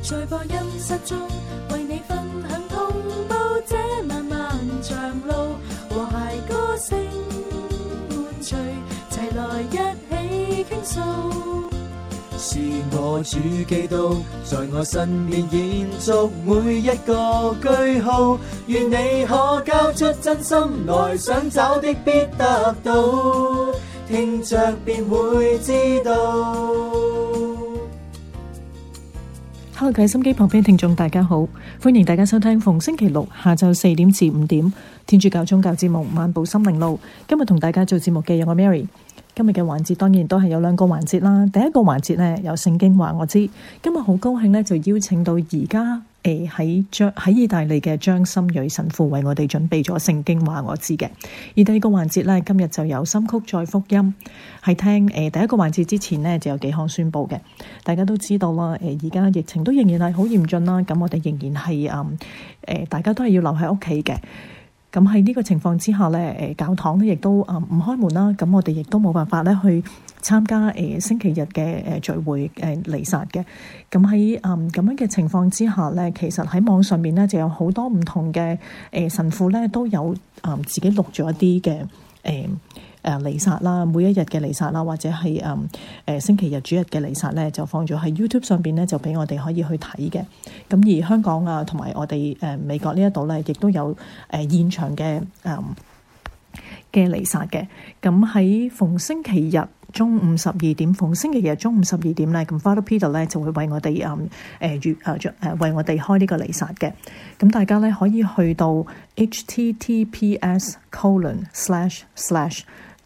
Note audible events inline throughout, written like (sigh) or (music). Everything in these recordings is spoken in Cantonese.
在播音室中，為你分享同走這漫漫長路，和諧歌聲伴隨，齊來一起傾訴。是我主記到在我身邊延續每一個句號，願你可交出真心來，想找的必得到，聽着便會知道。哈嘍，各位心機旁邊的聽眾大家好，歡迎大家收聽逢星期六下晝四點至五點天主教宗教節目《漫步心靈路》，今日同大家做節目嘅有我 Mary。今日嘅環節當然都係有兩個環節啦。第一個環節呢，有聖經話我知。今日好高興呢，就邀請到而家誒喺張喺意大利嘅張心蕊神父為我哋準備咗聖經話我知嘅。而第二個環節呢，今日就有心曲再福音係聽。誒、呃，第一個環節之前呢，就有幾項宣布嘅。大家都知道啦，誒、呃，而家疫情都仍然係好嚴峻啦。咁我哋仍然係誒，誒、呃，大家都係要留喺屋企嘅。咁喺呢個情況之下咧，教堂咧亦都唔開門啦。咁我哋亦都冇辦法咧去參加星期日嘅誒聚會誒彌撒嘅。咁喺咁樣嘅情況之下咧，其實喺網上面咧就有好多唔同嘅神父咧都有自己錄咗一啲嘅誒離殺啦，每一日嘅離殺啦，或者係誒誒星期日、主日嘅離殺咧，就放咗喺 YouTube 上邊咧，就俾我哋可以去睇嘅。咁而香港啊，同埋我哋誒、啊、美國呢一度咧，亦都有誒、啊、現場嘅誒嘅離殺嘅。咁、啊、喺逢星期日中午十二點，逢星期日中午十二點咧，咁 Father Peter 咧就會為我哋誒誒月誒為我哋開呢個離殺嘅。咁大家咧可以去到 h t t p s colon slash slash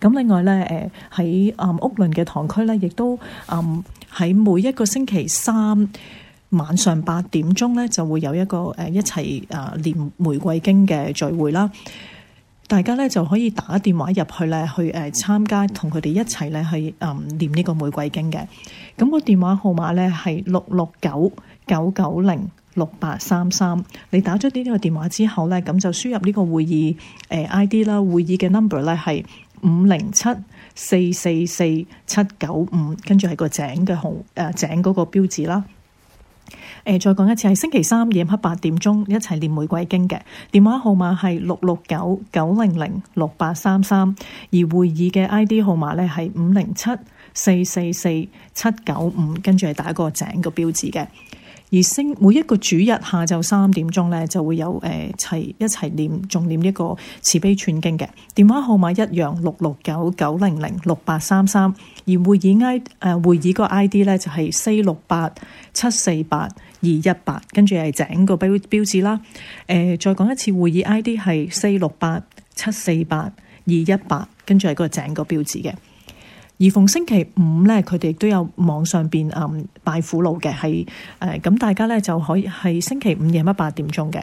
咁另外咧，誒喺啊屋輪嘅堂區咧，亦都啊喺、嗯、每一個星期三晚上八點鐘咧，就會有一個誒一齊啊唸玫瑰經嘅聚會啦。大家咧就可以打電話入去咧，去誒參加同佢哋一齊咧去啊唸呢個玫瑰經嘅。咁、那個電話號碼咧係六六九九九零六八三三。你打咗呢呢個電話之後咧，咁就輸入呢個會議誒 I D 啦，會議嘅 number 咧係，是五零七四四四七九五，跟住係個井嘅紅誒、啊、井嗰個標誌啦。誒、呃，再講一次，係星期三夜晚黑八點鐘一齊念玫瑰經嘅電話號碼係六六九九零零六八三三，而會議嘅 I D 號碼咧係五零七四四四七九五，跟住係打個井個標誌嘅。而星每一個主日下晝三點鐘咧，就會有誒齊、呃、一齊念重念一個慈悲串經嘅電話號碼一樣，六六九九零零六八三三，而會議 I 誒、呃、會議個 I D 咧，就係四六八七四八二一八，跟住係井個標標誌啦。誒、呃、再講一次，會議 I D 係四六八七四八二一八，跟住係嗰個井個標誌嘅。而逢星期五咧，佢哋都有網上邊誒、嗯、拜苦路嘅，係誒咁大家咧就可以係星期五夜晚八點鐘嘅，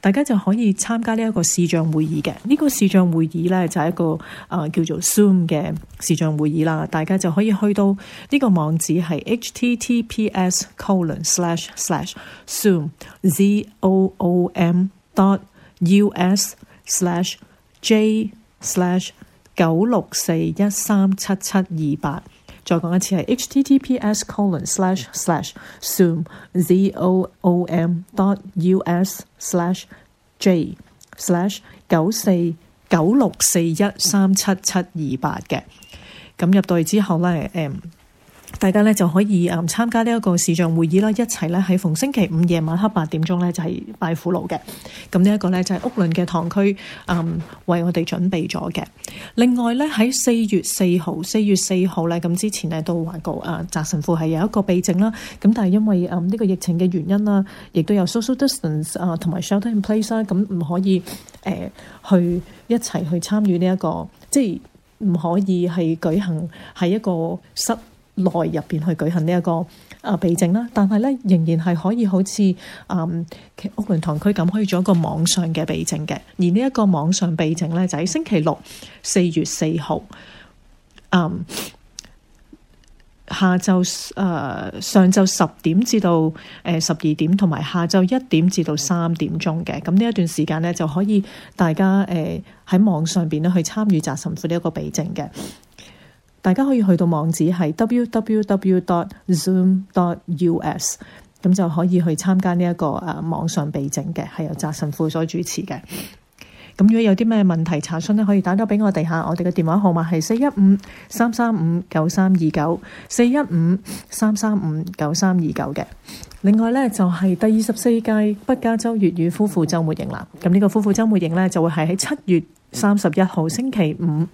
大家就可以參加呢一個視像會議嘅。呢、這個視像會議咧就係、是、一個啊、呃、叫做 Zoom 嘅視像會議啦，大家就可以去到呢個網址係 https colon slash slash zoom z o o m dot u s slash j slash 九六四一三七七二八，再講一次係 https：//zoom.zoom.us/j/ 九四九六四一三七七二八嘅，咁入到去之後咧，誒、嗯。大家咧就可以誒參加呢一個視像會議啦，一齊咧喺逢星期五夜晚黑八點鐘咧就係拜苦路嘅。咁呢一個咧就係屋崙嘅堂區誒為我哋準備咗嘅。另外咧喺四月四號、四月四號咧咁之前咧都話過誒，澤神父係有一個避靜啦。咁但係因為誒呢個疫情嘅原因啦，亦都有 social distance 啊同埋 shelter in place 啦，咁唔可以誒、呃、去一齊去參與呢一個，即係唔可以係舉行係一個室內入邊去舉行呢一個啊備證啦，但係咧仍然係可以好似啊、嗯、屋苑堂區咁，可以做一個網上嘅備證嘅。而呢一個網上備證咧，就喺星期六四月四號，嗯下晝、誒、呃、上晝十點至到誒十二點，同埋下晝一點至到三點鐘嘅。咁呢一段時間咧，就可以大家誒喺、呃、網上邊咧去參與集神父呢一個備證嘅。大家可以去到網址係 www.dot.zoom.dot.us，咁就可以去參加呢一個誒網上備證嘅，係由澤神父所主持嘅。咁如果有啲咩問題查詢咧，可以打到俾我哋下，我哋嘅電話號碼係四一五三三五九三二九四一五三三五九三二九嘅。另外呢就係、是、第二十四屆北加州粵語夫婦周末營啦，咁呢個夫婦周末營呢，就會係喺七月。三十一號星期五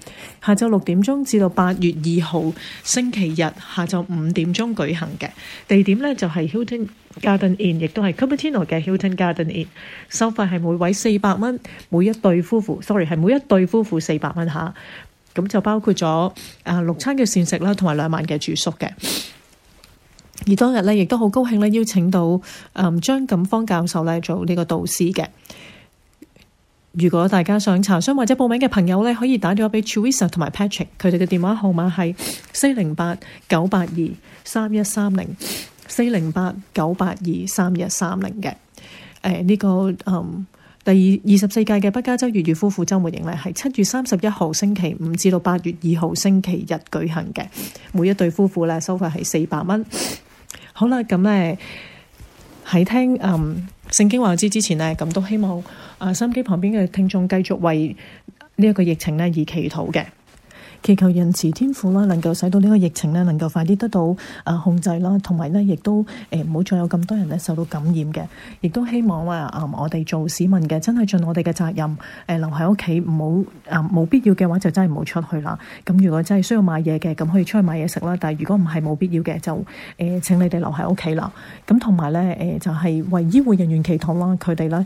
下晝六點鐘至到八月二號星期日下晝五點鐘舉行嘅。地點呢就係 Hilton Garden Inn，亦都係 Cupertino 嘅 Hilton Garden Inn。收費係每位四百蚊，每一對夫婦，sorry 係每一對夫婦四百蚊吓。咁就包括咗啊六餐嘅膳食啦，同埋兩晚嘅住宿嘅。而當日呢，亦都好高興呢邀請到嗯張錦芳教授呢做呢個導師嘅。如果大家想查詢或者報名嘅朋友呢，可以打電話俾 Teresa 同埋 Patrick，佢哋嘅電話號碼係四零八九八二三一三零，四零八九八二三一三零嘅。誒、這個，呢個誒第二十四屆嘅北加州粵語夫婦周末營咧，係七月三十一號星期五至到八月二號星期日舉行嘅。每一對夫婦咧，收費係四百蚊。好啦，咁呢喺聽誒。嗯聖經話我知之前呢，咁都希望啊，收音機旁邊嘅聽眾繼續為呢一個疫情呢而祈禱嘅。祈求仁慈天父啦，能夠使到呢個疫情，咧能夠快啲得到誒控制啦，同埋咧，亦都誒唔好再有咁多人咧受到感染嘅，亦都希望啊、呃、我哋做市民嘅真係盡我哋嘅責任，誒、呃、留喺屋企，唔好啊冇必要嘅話，就真係唔好出去啦。咁如果真係需要買嘢嘅，咁可以出去買嘢食、呃、啦。但係如果唔係冇必要嘅，就誒請你哋留喺屋企啦。咁同埋咧誒就係為醫護人員祈禱啦，佢哋咧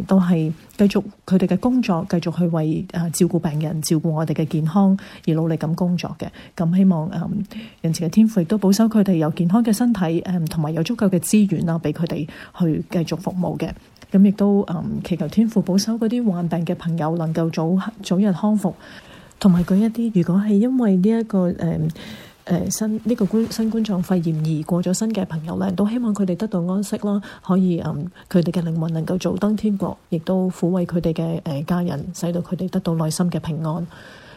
誒都係繼續佢哋嘅工作，繼續去為誒照顧病人、照顧我哋嘅健康而努力咁工作嘅，咁希望誒、嗯，人前嘅天父亦都保守佢哋有健康嘅身體，誒、嗯，同埋有足夠嘅資源啦，俾佢哋去繼續服務嘅，咁、嗯、亦都誒、嗯，祈求天父保守嗰啲患病嘅朋友能夠早早日康復，同埋嗰一啲如果係因為呢、這、一個誒誒、嗯呃、新呢、這個冠新冠狀肺炎而過咗身嘅朋友咧，都希望佢哋得到安息啦，可以嗯佢哋嘅靈魂能夠早登天國，亦都撫慰佢哋嘅誒家人，使到佢哋得到內心嘅平安。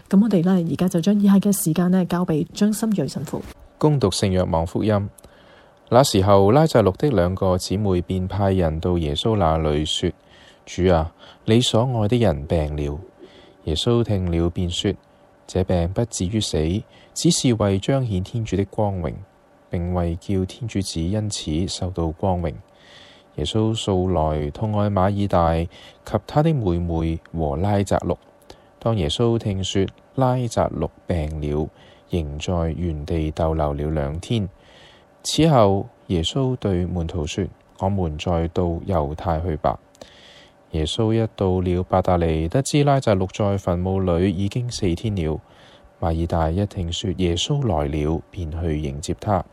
咁我哋咧，而家就將以下嘅時間交畀張心睿神父。恭讀聖若望福音，那時候拉澤祿的兩個姊妹便派人到耶穌那裏說：主啊，你所愛的人病了。耶穌聽了便說：這病不至於死，只是為彰顯天主的光榮，並為叫天主子因此受到光榮。耶穌素來痛愛馬爾大及她的妹妹和拉澤祿。當耶穌聽說拉澤禄病了，仍在原地逗留了兩天。此後，耶穌對門徒說：我們再到猶太去吧。耶穌一到了伯達尼，得知拉澤禄在墳墓裏已經四天了。馬爾大一聽說耶穌來了，便去迎接他。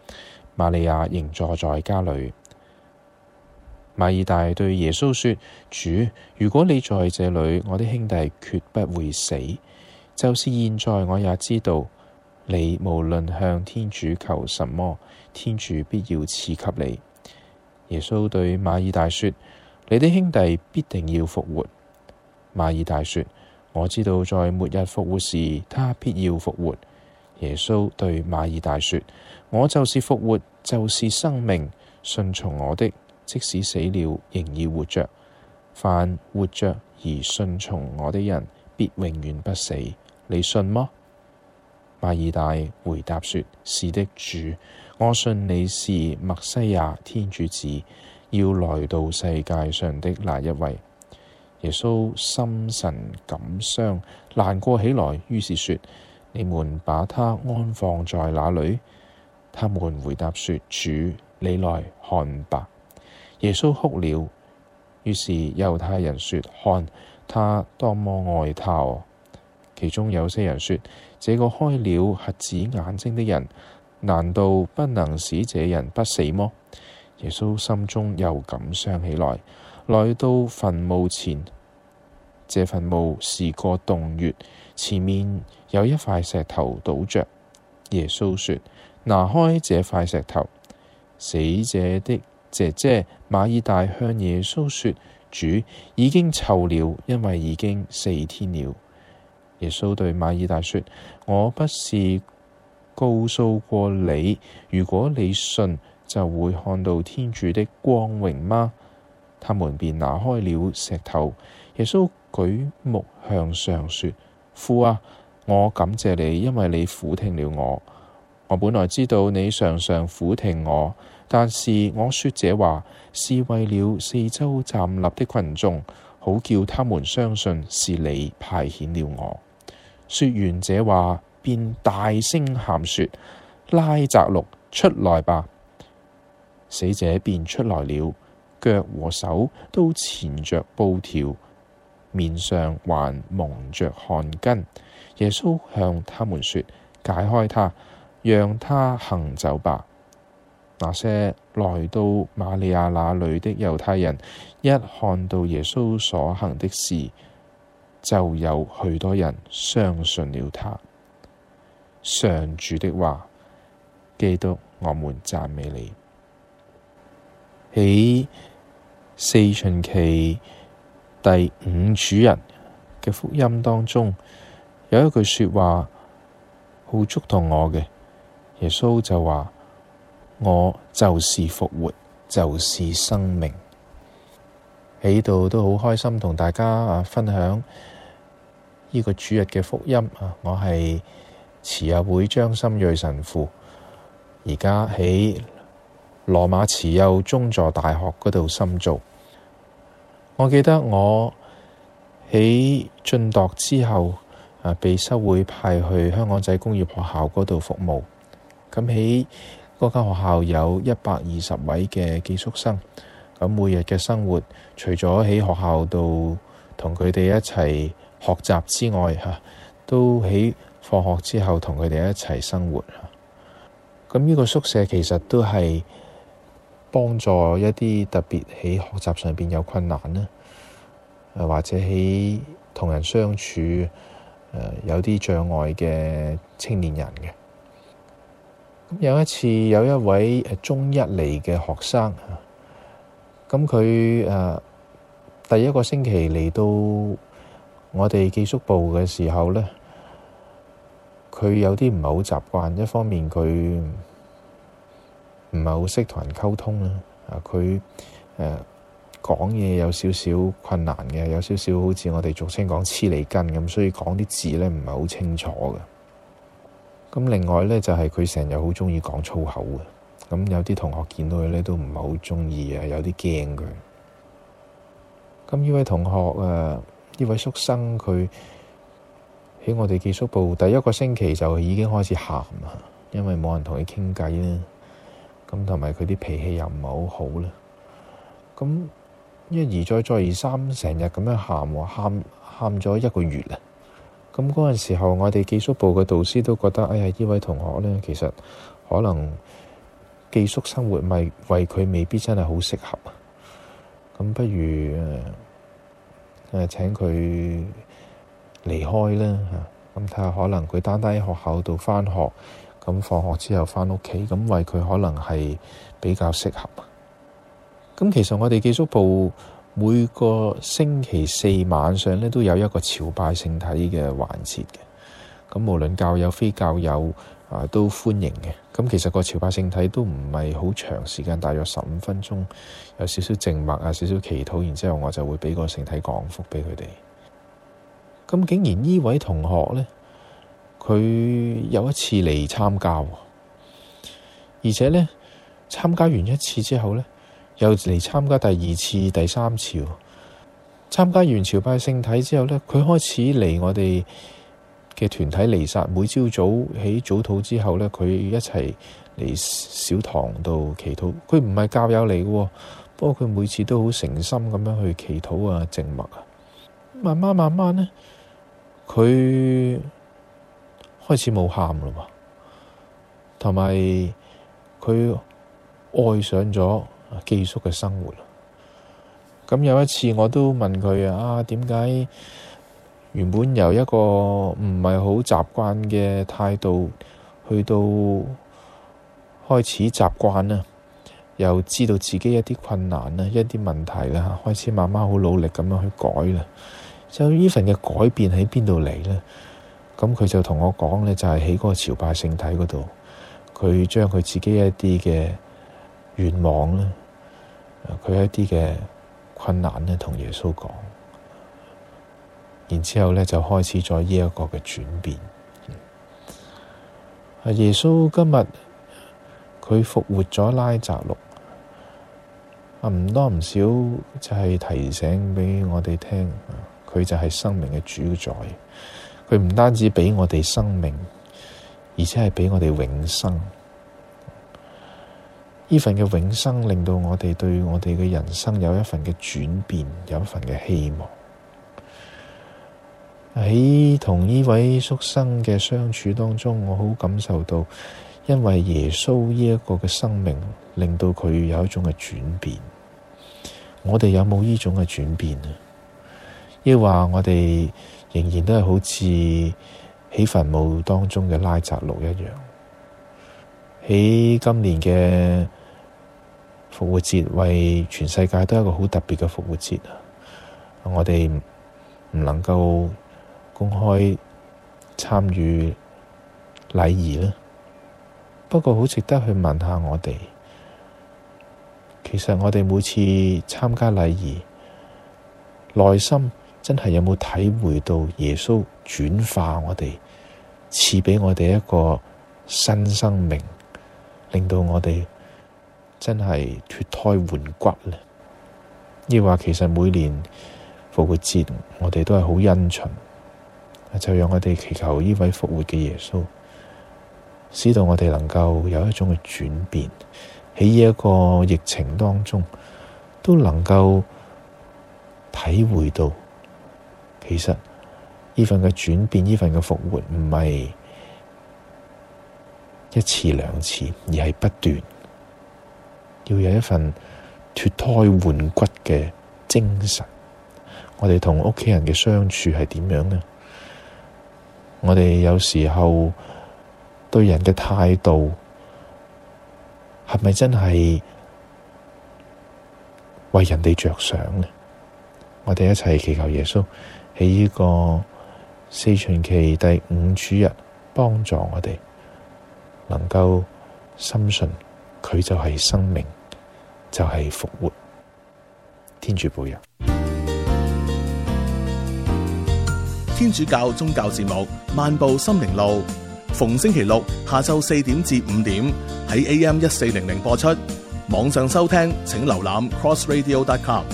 瑪利亞仍坐在家裏。馬爾大對耶穌說：主，如果你在這裏，我的兄弟決不會死。就是現在，我也知道你無論向天主求什麼，天主必要賜給你。耶穌對馬爾大說：你的兄弟必定要復活。馬爾大說：我知道，在末日復活時，他必要復活。耶穌對馬爾大說：我就是復活，就是生命。信從我的，即使死了，仍要活着。凡活着而信從我的人，必永遠不死。你信嗎？馬爾大回答說：是的，主，我信你是默西亞，天主子，要來到世界上的那一位。耶穌心神感傷，難過起來，於是說：你們把他安放在哪裏？他們回答說：主，你來看吧。耶穌哭了，於是猶太人說：看他多麼愛他哦！其中有些人說：這個開了瞎子眼睛的人，難道不能使這人不死麼？耶穌心中又感傷起來，來到墳墓前，這墳墓是個洞穴，前面有一塊石頭堵着。耶穌說：拿開這塊石頭，死者的。姐姐馬爾大向耶穌說：主已經臭了，因為已經四天了。耶穌對馬爾大說：我不是告訴過你，如果你信就會看到天主的光榮嗎？他們便拿開了石頭。耶穌舉目向上說：父啊，我感謝你，因為你俯聽了我。我本來知道你常常俯聽我。但是我說這話是為了四周站立的群眾，好叫他們相信是你派遣了我。說完這話，便大聲喊說：拉澤祿，出來吧！死者便出來了，腳和手都纏着布條，面上還蒙着汗巾。耶穌向他們說：解開他，讓他行走吧。那些來到瑪利亞那裏的猶太人，一看到耶穌所行的事，就有許多人相信了他。上主的話，基督，我們讚美你。喺四旬期第五主日嘅福音當中，有一句說話好觸動我嘅，耶穌就話。我就是復活，就是生命。喺度，都好開心，同大家啊分享呢個主日嘅福音啊。我係慈幼會張心瑞神父，而家喺羅馬慈幼宗座大學嗰度深造。我記得我喺晉鐸之後啊，被修會派去香港仔工業學校嗰度服務。咁喺嗰間學校有一百二十位嘅寄宿生，咁每日嘅生活除咗喺學校度同佢哋一齊學習之外，嚇都喺放學之後同佢哋一齊生活。咁呢個宿舍其實都係幫助一啲特別喺學習上邊有困難咧，誒或者喺同人相處誒有啲障礙嘅青年人嘅。有一次，有一位中一嚟嘅學生，咁佢、啊、第一個星期嚟到我哋寄宿部嘅時候咧，佢有啲唔係好習慣，一方面佢唔係好識同人溝通啦，啊佢誒講嘢有少少困難嘅，有少少好似我哋俗稱講黐脷筋咁，所以講啲字咧唔係好清楚嘅。咁另外咧，就係佢成日好鍾意講粗口嘅。咁有啲同學見到佢咧，都唔係好鍾意啊，有啲驚佢。咁呢位同學啊，呢位宿生佢喺我哋寄宿部第一個星期就已經開始喊呀，因為冇人同佢傾偈啦。咁同埋佢啲脾氣又唔係好好啦。咁一而再，再而三，成日咁樣喊，喊喊咗一個月啊！咁嗰陣時候，我哋寄宿部嘅導師都覺得，哎呀，呢位同學呢，其實可能寄宿生活咪為佢未必真係好適合，咁不如誒請佢離開啦嚇。咁睇下可能佢單單喺學校度返學，咁放學之後返屋企，咁為佢可能係比較適合。咁其實我哋寄宿部，每個星期四晚上咧，都有一個朝拜聖體嘅環節嘅。咁無論教友非教友啊，都歡迎嘅。咁其實個朝拜聖體都唔係好長時間，大約十五分鐘，有少少靜默啊，有少少祈禱，然之後我就會畀個聖體降福畀佢哋。咁竟然呢位同學咧，佢有一次嚟參加，而且咧參加完一次之後咧。又嚟參加第二次、第三次，參加完朝拜聖體之後呢，佢開始嚟我哋嘅團體離殺。每朝早起早禱之後呢，佢一齊嚟小堂度祈禱。佢唔係教友嚟嘅，不過佢每次都好誠心咁樣去祈禱啊、靜默啊。慢慢慢慢呢，佢開始冇喊啦，同埋佢愛上咗。寄宿嘅生活，咁有一次我都問佢啊，點解原本由一個唔係好習慣嘅態度，去到開始習慣啦，又知道自己一啲困難啦、一啲問題啦，開始慢慢好努力咁樣去改啦。就呢份嘅改變喺邊度嚟咧？咁佢就同我講咧，就係喺嗰個朝拜聖體嗰度，佢將佢自己一啲嘅。願望呢，佢有一啲嘅困難呢，同耶穌講，然之後呢就開始咗呢一個嘅轉變。阿耶穌今日佢復活咗拉匝祿，啊唔多唔少就係提醒畀我哋聽，佢就係生命嘅主宰，佢唔單止畀我哋生命，而且係畀我哋永生。呢份嘅永生令到我哋對我哋嘅人生有一份嘅轉變，有一份嘅希望。喺同呢位宿生嘅相處當中，我好感受到，因為耶穌呢一個嘅生命，令到佢有一種嘅轉變。我哋有冇呢種嘅轉變啊？抑或我哋仍然都係好似喺墳墓當中嘅拉扎路一樣。喺今年嘅。復活節為全世界都係一個好特別嘅復活節。我哋唔能夠公開參與禮儀咧，不過好值得去問下我哋，其實我哋每次參加禮儀，內心真係有冇體會到耶穌轉化我哋，賜畀我哋一個新生命，令到我哋。真係脫胎換骨呢，亦話其實每年復活節，我哋都係好殷勤，就讓我哋祈求呢位復活嘅耶穌，使到我哋能夠有一種嘅轉變，喺呢一個疫情當中都能夠體會到，其實呢份嘅轉變，呢份嘅復活唔係一次兩次，而係不斷。要有一份脫胎換骨嘅精神，我哋同屋企人嘅相處係點樣咧？我哋有時候對人嘅態度係咪真係為人哋着想咧？我哋一齊祈求耶穌喺呢個四旬期第五主日幫助我哋，能夠深信佢就係生命。就係、是、復活天主保佑。天主教宗教節目《漫步心靈路》，逢星期六下晝四點至五點喺 AM 一四零零播出。網上收聽，請瀏覽 crossradio.com。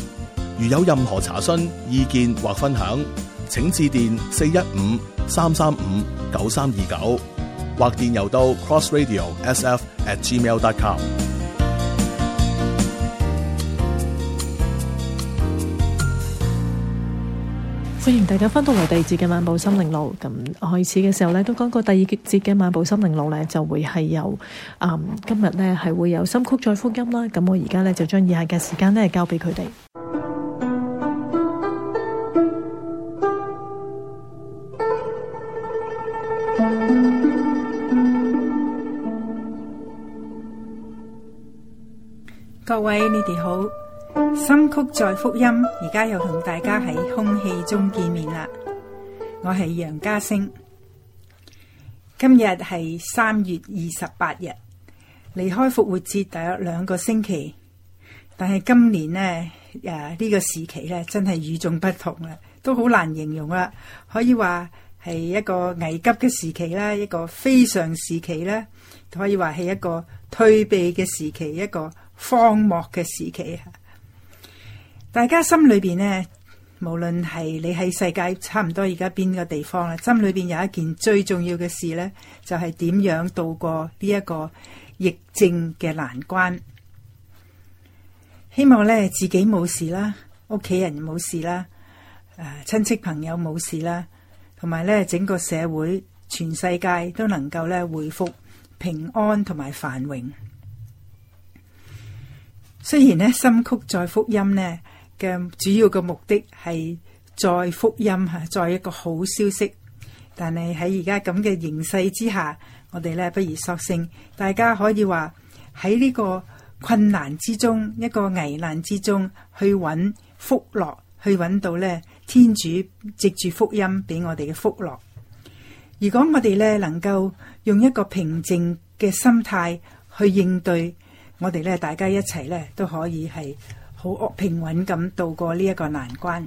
如有任何查詢、意見或分享，請致電四一五三三五九三二九，或電郵到 crossradiosf@gmail.com。歡迎大家翻到嚟第二節嘅漫步心靈路，咁開始嘅時候呢都講過第二節嘅漫步心靈路呢就會係由，嗯今日呢係會有心曲再福音啦，咁我而家呢就將以下嘅時間呢交俾佢哋。各位，你哋好。心曲在福音，而家又同大家喺空氣中見面啦。我係楊家星，今日係三月二十八日，離開復活節大約兩個星期。但係今年呢，誒呢、呢個時期咧真係與眾不同啦，都好難形容啦。可以話係一個危急嘅時期啦，一個非常時期啦，可以話係一個退避嘅時期，一個荒漠嘅時期。大家心裏邊呢，無論係你喺世界差唔多而家邊個地方啦，心裏邊有一件最重要嘅事呢，就係點樣度過呢一個疫症嘅難關。希望呢，自己冇事啦，屋企人冇事啦，親戚朋友冇事啦，同埋呢，整個社會、全世界都能夠呢，回復平安同埋繁榮。雖然呢，心曲再福音呢。嘅主要嘅目的係再福音再一個好消息。但係喺而家咁嘅形勢之下，我哋咧不如索性大家可以話喺呢個困難之中，一個危難之中去揾福樂，去揾到咧天主藉住福音俾我哋嘅福樂。如果我哋咧能夠用一個平靜嘅心態去應對，我哋咧大家一齊咧都可以係。好平穩咁渡過呢一個難關。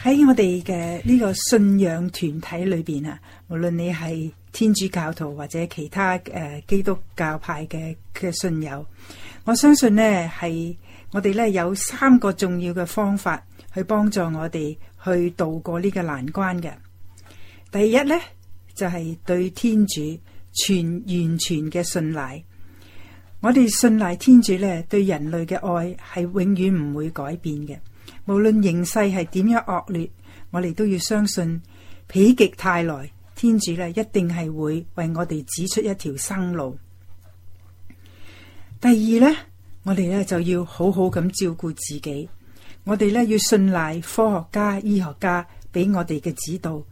喺我哋嘅呢個信仰團體裏邊啊，無論你係天主教徒或者其他誒、呃、基督教派嘅嘅信友，我相信呢係我哋呢有三個重要嘅方法去幫助我哋去渡過呢個難關嘅。第一呢，就係、是、對天主全完全嘅信賴。我哋信賴天主咧，對人類嘅愛係永遠唔會改變嘅。無論形勢係點樣惡劣，我哋都要相信否極泰來。天主咧一定係會為我哋指出一條生路。第二呢，我哋咧就要好好咁照顧自己。我哋咧要信賴科學家、醫學家俾我哋嘅指導，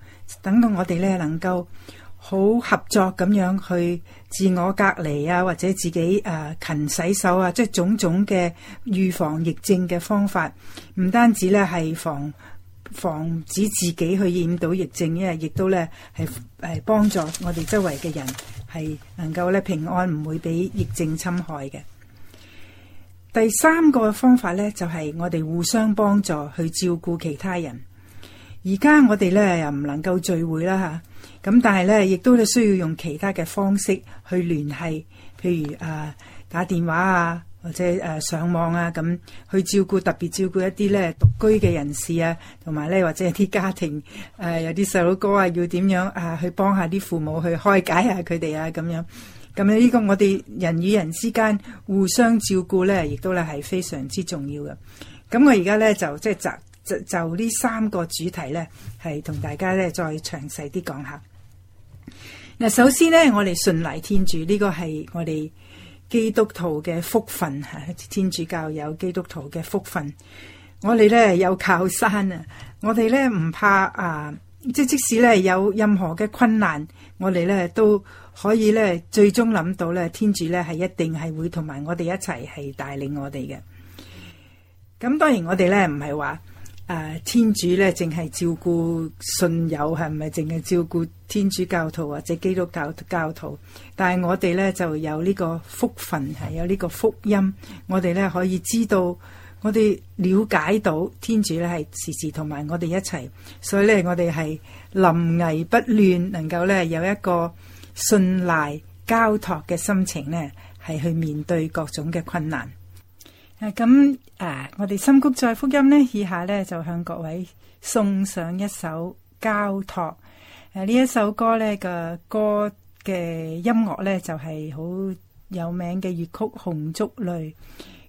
等到我哋咧能夠。好合作咁樣去自我隔離啊，或者自己誒勤洗手啊，即係種種嘅預防疫症嘅方法。唔單止咧係防防止自己去染到疫症，因為亦都咧係誒幫助我哋周圍嘅人係能夠咧平安，唔會俾疫症侵害嘅。第三個方法咧就係我哋互相幫助去照顧其他人。而家我哋咧又唔能夠聚會啦吓。咁但係咧，亦都需要用其他嘅方式去聯繫，譬如啊、呃、打電話啊，或者上網啊，咁去照顧特別照顧一啲咧獨居嘅人士啊，同埋咧或者一啲家庭、呃、有啲細佬哥啊，要點樣啊去幫下啲父母去開解下佢哋啊咁樣。咁咧呢個我哋人與人之間互相照顧咧，亦都咧係非常之重要嘅。咁我而家咧就即係就就呢三個主題咧，係同大家咧再詳細啲講下。嗱，首先呢，我哋順賴天主呢個係我哋基督徒嘅福分吓，天主教有基督徒嘅福分，我哋咧有靠山啊，我哋咧唔怕啊，即即使咧有任何嘅困難，我哋咧都可以咧最終諗到咧，天主咧係一定係會同埋我哋一齊係帶領我哋嘅。咁當然我哋咧唔係話。誒、啊、天主咧，淨係照顧信友，係咪淨係照顧天主教徒或者基督教教徒？但係我哋咧就有呢個福分，係有呢個福音，我哋咧可以知道，我哋了解到天主咧係時時同埋我哋一齊，所以咧我哋係臨危不亂，能夠咧有一個信賴交託嘅心情咧，係去面對各種嘅困難。誒，咁、啊、誒，我哋深谷再福音呢。以下呢，就向各位送上一首交託。誒、呢、啊、一首歌呢，嘅歌嘅音樂呢，就係、是、好有名嘅粵曲《紅燭淚》。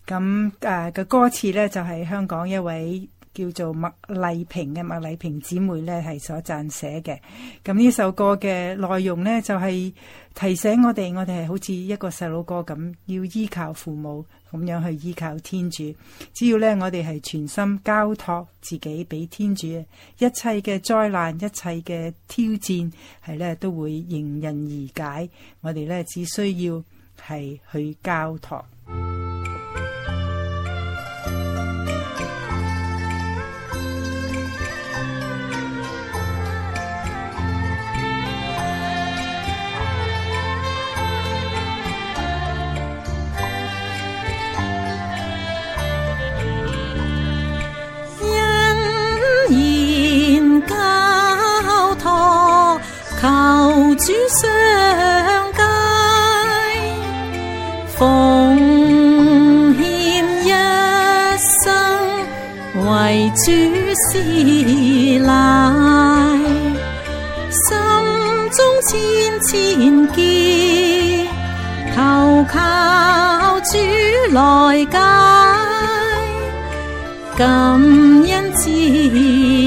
咁誒嘅歌詞呢，就係、是、香港一位叫做麥麗萍嘅麥麗萍姊妹呢，係所撰寫嘅。咁呢首歌嘅內容呢，就係、是、提醒我哋，我哋係好似一個細佬哥咁，要依靠父母。咁樣去依靠天主，只要咧我哋係全心交託自己俾天主，一切嘅災難、一切嘅挑戰，係咧都會迎刃而解。我哋咧只需要係去交託。主相待，奉獻一生為主師禮，心中千千結，投靠主來解，感恩知。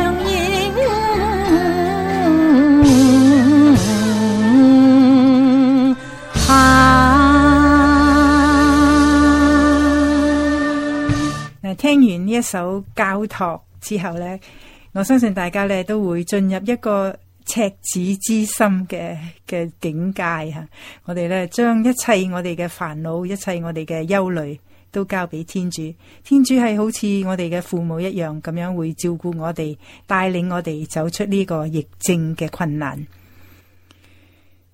一首交託之後呢，我相信大家呢都會進入一個赤子之心嘅嘅境界吓。我哋呢將一切我哋嘅煩惱、一切我哋嘅憂慮都交俾天主，天主係好似我哋嘅父母一樣，咁樣會照顧我哋，帶領我哋走出呢個疫症嘅困難。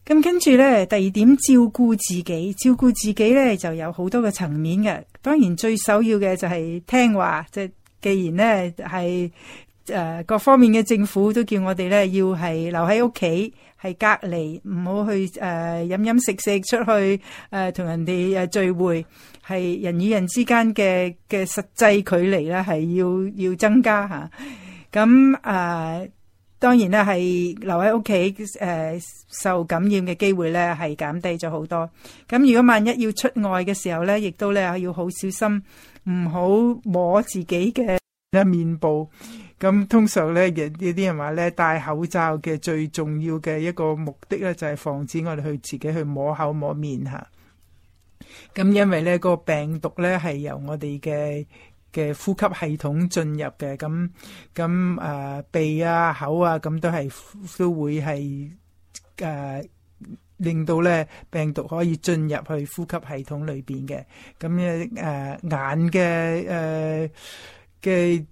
咁跟住呢，第二點，照顧自己，照顧自己呢就有好多嘅層面嘅。當然最首要嘅就係聽話，即係既然咧，係誒各方面嘅政府都叫我哋咧，要係留喺屋企，係隔離，唔好去誒飲飲食食出去，誒同人哋誒聚會，係人與人之間嘅嘅實際距離咧，係要要增加吓，咁誒。當然咧，係留喺屋企誒，受感染嘅機會咧係減低咗好多。咁如果萬一要出外嘅時候咧，亦都咧要好小心，唔好摸自己嘅咧面部。咁通常咧，有啲人話咧，戴口罩嘅最重要嘅一個目的咧，就係防止我哋去自己去摸口摸面吓。咁因為咧個病毒咧係由我哋嘅。嘅呼吸系統進入嘅，咁咁誒，鼻啊口啊，咁都係都會係誒令到咧病毒可以進入去呼吸系統裏邊嘅。咁咧誒眼嘅誒嘅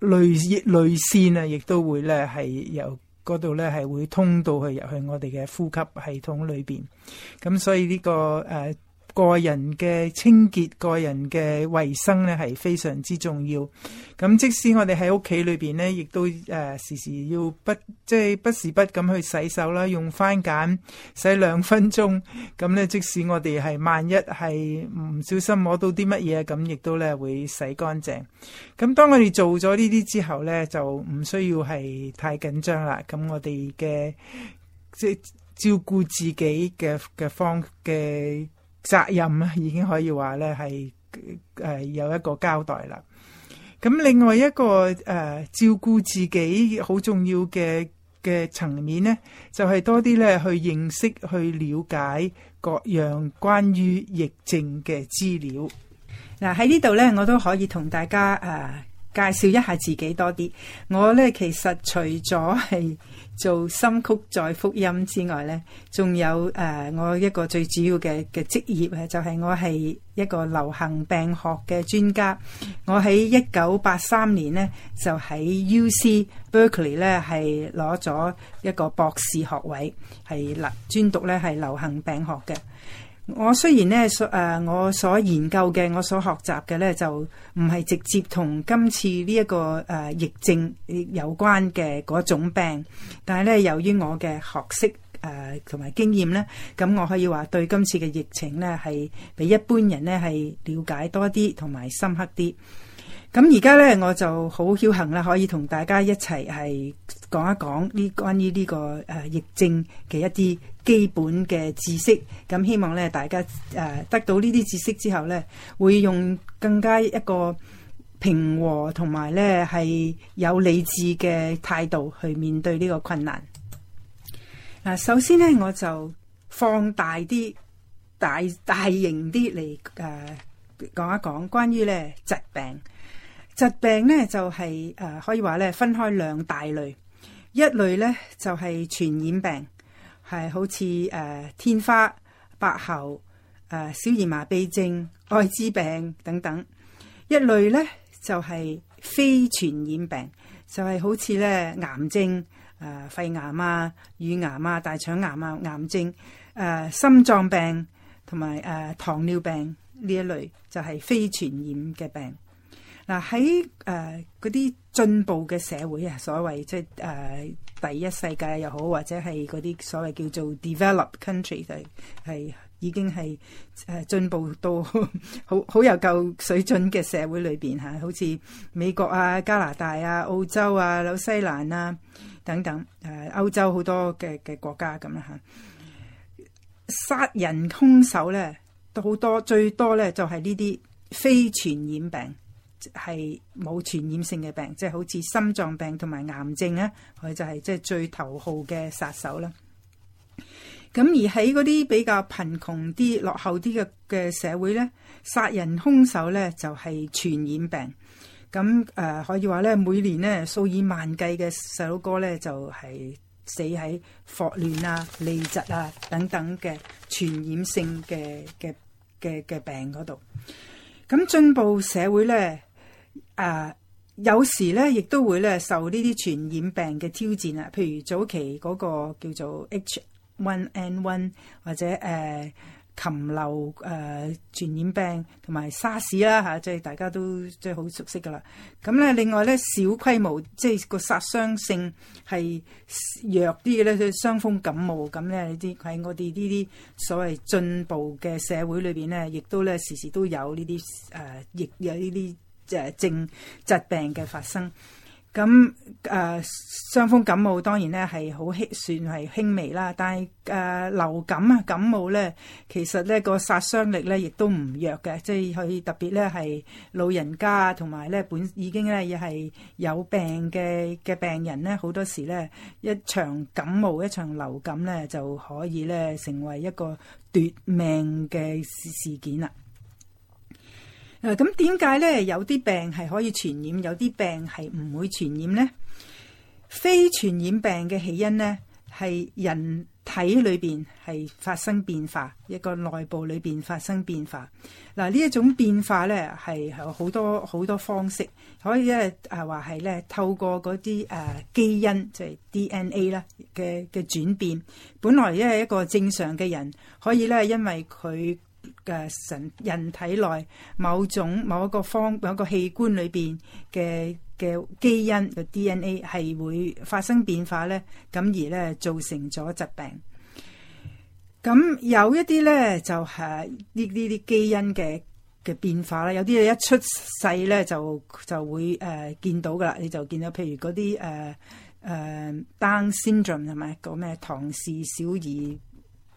淚液淚腺啊，亦都會咧係由嗰度咧係會通到去入去我哋嘅呼吸系統裏邊，咁所以呢個誒。個人嘅清潔、個人嘅衛生呢係非常之重要。咁即使我哋喺屋企裏邊呢，亦都誒、呃、時時要不即係不時不咁去洗手啦，用番梘洗兩分鐘。咁呢，即使我哋係萬一係唔小心摸到啲乜嘢，咁亦都呢會洗乾淨。咁當我哋做咗呢啲之後呢，就唔需要係太緊張啦。咁我哋嘅即係照顧自己嘅嘅方嘅。的的責任啊，已經可以話咧係誒有一個交代啦。咁另外一個誒、呃、照顧自己好重要嘅嘅層面呢，就係、係、多啲咧去認識、去了解各樣關於疫症嘅資料。嗱喺呢度呢，我都可以同大家誒，啊介紹一下自己多啲。我呢，其實除咗係做深曲載福音之外呢，仲有誒、呃、我一個最主要嘅嘅職業咧，就係、是、我係一個流行病學嘅專家。我喺一九八三年呢，就喺 UC Berkeley 呢係攞咗一個博士學位，係流專讀呢係流行病學嘅。我雖然咧，誒我所研究嘅、我所學習嘅咧，就唔係直接同今次呢一個誒疫症有關嘅嗰種病，但係咧由於我嘅學識誒同埋經驗咧，咁我可以話對今次嘅疫情咧係比一般人咧係了解多啲同埋深刻啲。咁而家咧，我就好僥幸啦，可以同大家一齊係講一講呢關於呢、這個誒、啊、疫症嘅一啲基本嘅知識。咁希望咧，大家誒、啊、得到呢啲知識之後咧，會用更加一個平和同埋咧係有理智嘅態度去面對呢個困難。嗱、啊，首先咧，我就放大啲大大型啲嚟誒講一講、啊、關於咧疾病。疾病咧就係、是、誒、呃，可以話咧分開兩大類，一類咧就係、是、傳染病，係好似誒、呃、天花、白喉、誒、呃、小兒麻痹症、艾滋病等等；一類咧就係、是、非傳染病，就係、是、好似咧癌症、誒肺癌啊、乳癌啊、大腸癌啊、癌症、誒、呃呃、心臟病同埋誒糖尿病呢一類就係非傳染嘅病。嗱喺誒嗰啲進步嘅社會啊，所謂即係誒第一世界又好，或者係嗰啲所謂叫做 developed country 係係已經係誒進步到好好，好有夠水準嘅社會裏邊吓，好似美國啊、加拿大啊、澳洲啊、紐西蘭啊等等誒歐洲好多嘅嘅國家咁啦吓。殺人凶手咧都好多，最多咧就係呢啲非傳染病。係冇傳染性嘅病，即係好似心臟病同埋癌症啊，佢就係即係最頭號嘅殺手啦。咁而喺嗰啲比較貧窮啲、落後啲嘅嘅社會咧，殺人兇手咧就係傳染病。咁誒，可以話咧，每年咧數以萬計嘅細佬哥咧就係死喺霍亂啊、痢疾啊等等嘅傳染性嘅嘅嘅嘅病嗰度。咁進步社會咧。誒、uh，有時咧，亦都會咧受呢啲傳染病嘅挑戰啊。譬如早期嗰個叫做 H1N1 或者誒、呃、禽流誒傳、呃、染病，同埋沙士啦、啊、吓，即、就、係、是、大家都即係好熟悉噶啦。咁咧，另外咧小規模即係、就是、個殺傷性係弱啲嘅咧，傷、就是、風感冒咁咧，你知喺我哋呢啲所謂進步嘅社會裏邊咧，亦都咧時時都有呢啲誒亦有呢啲。症疾病嘅發生，咁誒，傷、呃、風感冒當然咧係好輕，算係輕微啦。但係誒、呃，流感啊，感冒咧，其實咧個殺傷力咧，亦都唔弱嘅，即係佢特別咧係老人家，同埋咧本已經咧亦係有病嘅嘅病人咧，好多時咧一場感冒、一場流感咧就可以咧成為一個奪命嘅事，事件啦。嗱，咁點解咧？有啲病係可以傳染，有啲病係唔會傳染咧？非傳染病嘅起因咧，係人體裏邊係發生變化，一個內部裏邊發生變化。嗱，呢一種變化咧，係有好多好多方式，可以咧啊話係咧透過嗰啲誒基因即係 DNA 啦嘅嘅轉變。本來咧係一個正常嘅人，可以咧因為佢。嘅神人體內某種某一個方某一個器官裏邊嘅嘅基因嘅 DNA 係會發生變化咧，咁而咧造成咗疾病。咁有一啲咧就係呢呢啲基因嘅嘅變化啦，有啲嘢一出世咧就就會誒、呃、見到噶啦，你就見到譬如嗰啲誒誒 Down syndrome 係咪個咩唐氏小兒。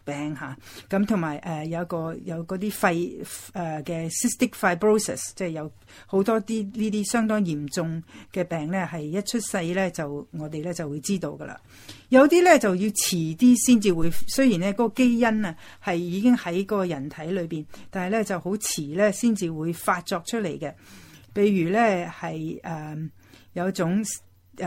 病吓，咁同埋誒有一個有嗰啲肺誒嘅、啊、cystic fibrosis，即係有好多啲呢啲相當嚴重嘅病咧，係一出世咧就我哋咧就會知道噶啦。有啲咧就要遲啲先至會，雖然咧、個基因啊係已經喺個人體裏邊，但係咧就好遲咧先至會發作出嚟嘅。譬如咧係誒有種，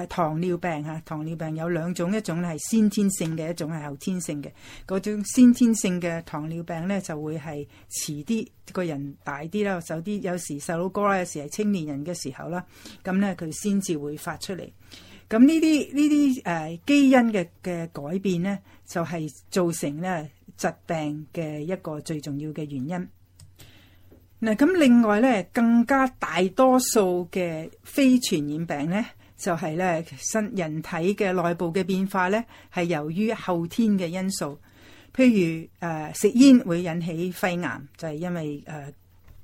糖尿病嚇，糖尿病有兩種，一種咧係先天性嘅，一種係後天性嘅。嗰種先天性嘅糖尿病咧，就會係遲啲個人大啲啦，有啲，有時細佬哥啦，有時係青年人嘅時候啦，咁咧佢先至會發出嚟。咁呢啲呢啲誒基因嘅嘅改變咧，就係、係、造成咧疾病嘅一個最重要嘅原因。嗱咁另外咧，更加大多數嘅非傳染病咧。就係咧，身人體嘅內部嘅變化咧，係由於後天嘅因素，譬如誒食煙會引起肺癌，就係、是、因為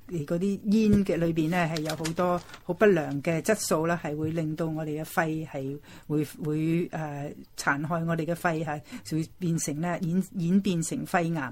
誒嗰啲煙嘅裏邊咧係有好多好不良嘅質素咧，係會令到我哋嘅肺係會會誒殘、呃、害我哋嘅肺係，就會變成咧演演變成肺癌。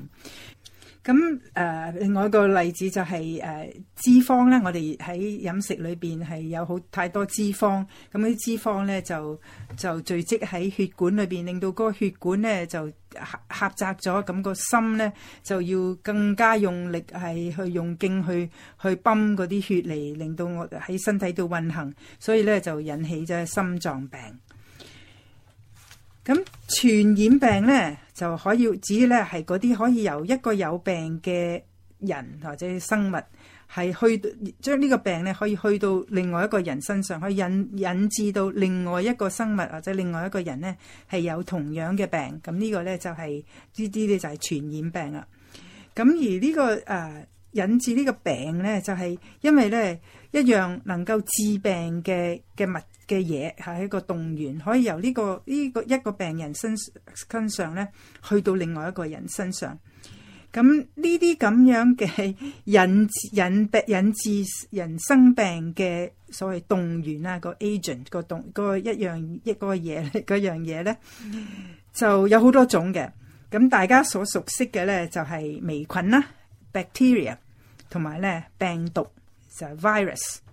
咁誒，另外一個例子就係誒脂肪咧，我哋喺飲食裏面係有好太多脂肪，咁啲脂肪咧就就聚積喺血管裏面，令到個血管咧就狹窄咗，咁個心咧就要更加用力係去用勁去去泵嗰啲血嚟令到我喺身體度運行，所以咧就引起咗心臟病。咁傳染病咧？就可以指咧係嗰啲可以由一個有病嘅人或者生物係去將呢個病咧可以去到另外一個人身上，去引引致到另外一個生物或者另外一個人咧係有同樣嘅病。咁呢個咧就係呢啲咧就係傳染病啦。咁而呢個誒引致呢個病咧就係因為咧一樣能夠致病嘅嘅物。嘅嘢係一個動員，可以由呢個呢個一個病人身身上咧，去到另外一個人身上。咁呢啲咁樣嘅引引引致人生病嘅所謂動員啊，嗰個 agent 個動嗰、嗰個、一樣一嗰嘢嗰樣嘢咧，就有好多種嘅。咁大家所熟悉嘅咧就係、係、微菌啦，bacteria，同埋咧病毒就係、virus。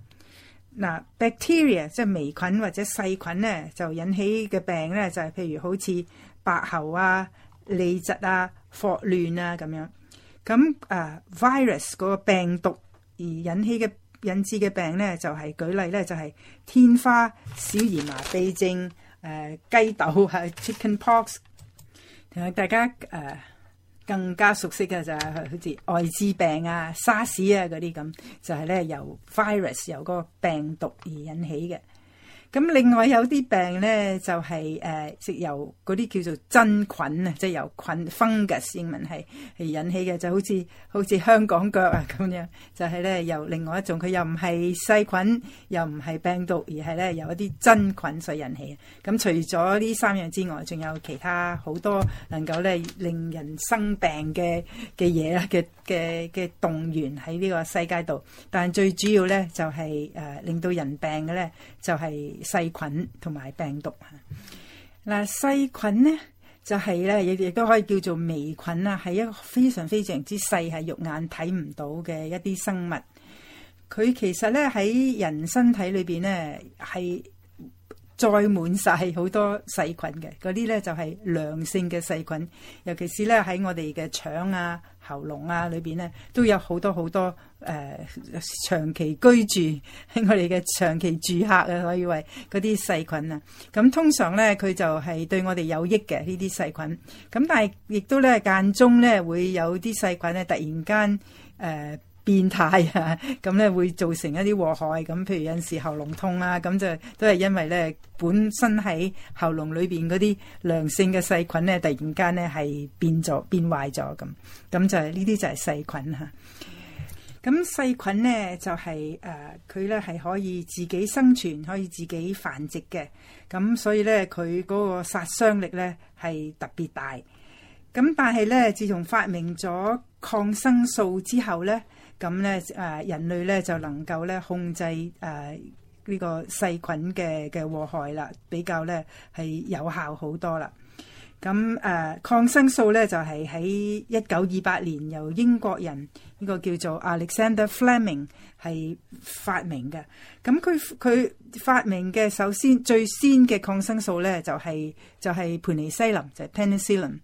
嗱、啊、bacteria 即係微菌或者細菌咧，就引起嘅病咧，就係、是、譬如好似白喉啊、痢疾啊、霍亂啊咁樣。咁啊、uh，virus 嗰個病毒而引起嘅引致嘅病咧，就係、是、舉例咧，就係、是、天花、小兒麻痹症、誒、uh, 雞痘、啊、uh, （chicken pox），同大家誒。Uh, 更加熟悉嘅就係好似艾滋病啊、沙士啊嗰啲咁，就係咧由 virus 由個病毒而引起嘅。咁另外有啲病咧，就係、是、誒，呃、食由嗰啲叫做真菌啊，即係由菌 fungus 英文係係引起嘅，就好似好似香港腳啊咁樣，就係、是、咧由另外一種，佢又唔係細菌，又唔係病毒，而係咧由一啲真菌所引起。咁除咗呢三樣之外，仲有其他好多能夠咧令人生病嘅嘅嘢啦，嘅嘅嘅動源喺呢個世界度。但係最主要咧，就係、是、誒、呃、令到人病嘅咧。就係、是、細菌同埋病毒。嗱，細菌咧就係、是、咧，亦亦都可以叫做微菌啦，係一個非常非常之細，係肉眼睇唔到嘅一啲生物。佢其實咧喺人身體裏邊咧係載滿晒好多細菌嘅，嗰啲咧就係、是、良性嘅細菌，尤其是咧喺我哋嘅腸啊。喉嚨啊，裏邊咧都有好多好多誒、呃、長期居住喺我哋嘅長期住客啊，可以話嗰啲細菌啊。咁通常咧佢就係對我哋有益嘅呢啲細菌。咁但係亦都咧間中咧會有啲細菌咧突然間誒、呃變態啊！咁咧會造成一啲禍害。咁譬如有陣時喉嚨痛啦，咁就都係因為咧本身喺喉嚨裏邊嗰啲良性嘅細菌咧，突然間咧係變咗變壞咗咁。咁就係呢啲就係細菌吓。咁細菌咧就係誒佢咧係可以自己生存，可以自己繁殖嘅。咁所以咧佢嗰個殺傷力咧係特別大。咁但係咧，自從發明咗抗生素之後咧。咁咧，誒人類咧就能夠咧控制誒呢個細菌嘅嘅禍害啦，比較咧係有效好多啦。咁誒、呃、抗生素咧就係喺一九二八年由英國人呢、呢個叫做 Alexander Fleming 係發明嘅。咁佢佢發明嘅首先最先嘅抗生素咧就係就係盤尼西林，就係、是、Penicillin,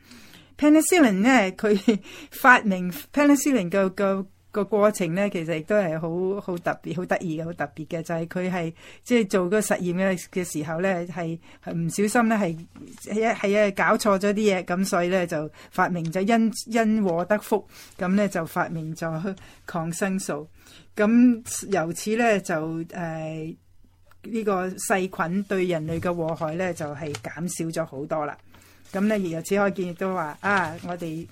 Penicillin。Penicillin 咧佢發明 Penicillin 嘅個個過程咧，其實亦都係好好特別、好得意嘅、好特別嘅，就係佢係即係做個實驗嘅嘅時候咧，係係唔小心咧，係一係啊搞錯咗啲嘢，咁所以咧就發明咗因因禍得福，咁咧就發明咗抗生素，咁由此咧就誒呢、呃呢個細菌對人類嘅禍害咧就係減少咗好多啦。咁咧亦由此可見亦都話，亦都話啊，我哋。